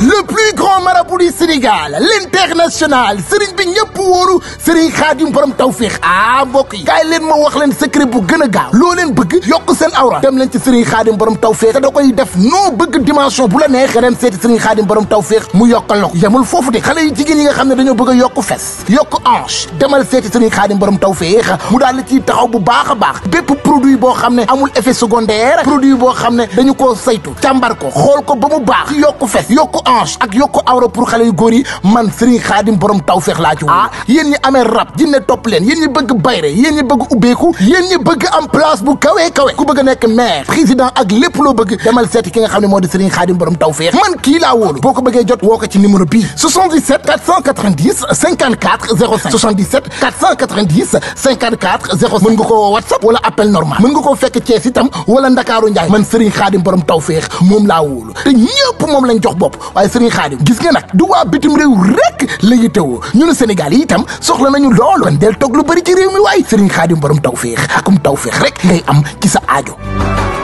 le plus grand marabout du Sénégal l'international sëriñ bi ñëpp wóolu sëriñ Xaadim borom tawféex ah mbokk yi leen ma wax leen secret bu gën a gaaw bëgg yokk seen awra dem leen ci sëriñ Xaadim borom tawféex te da koy def noo bëgg dimension bu la neex nga dem seeti sëriñ Xaadim borom tawféex mu yokkal la yemul foofu de xale yu jigéen yi nga xam ne dañoo bëgg a yokk fes yokk hanche demal seeti sëriñ Xaadim borom tawféex mu daal la ciy taxaw bu baax a baax bépp produit boo xam ne amul effet secondaire produit boo xam ne dañu koo saytu càmbar ko xool ko ba mu baax yokk fes yokk hanche ak yokku awra pour xale yu góor man Serigne Khadim borom tawfeex laa ci ah yéen ñi amee rab jinne topp leen yéen ñi bëgg bayre yéen ñi bëgg ubbeeku yéen ñi bëgg am place bu kawee kawe ku bëgg nekk maire président ak lépp loo bëgg demal seeti ki nga xam ne moo di Serigne Khadim borom tawfeex man kii laa wóolu boo ko bëggee jot woo ko ci numéro bii 77 nga koo whatsapp wala appel normal mën nga koo fekk Thiès itam wala Ndakaaru Ndiaye man Serigne Khadim borom tawfeex waaye sëriñ Xaadim gis nga nag du waa bitim réew rek la yittewoo ñun Sénégal yi itam soxla nañu lool kon del toog lu bëri ci réew mi waaye sëriñ Xaadim borom tawféex akum tawféex rek ngay am ci sa aajo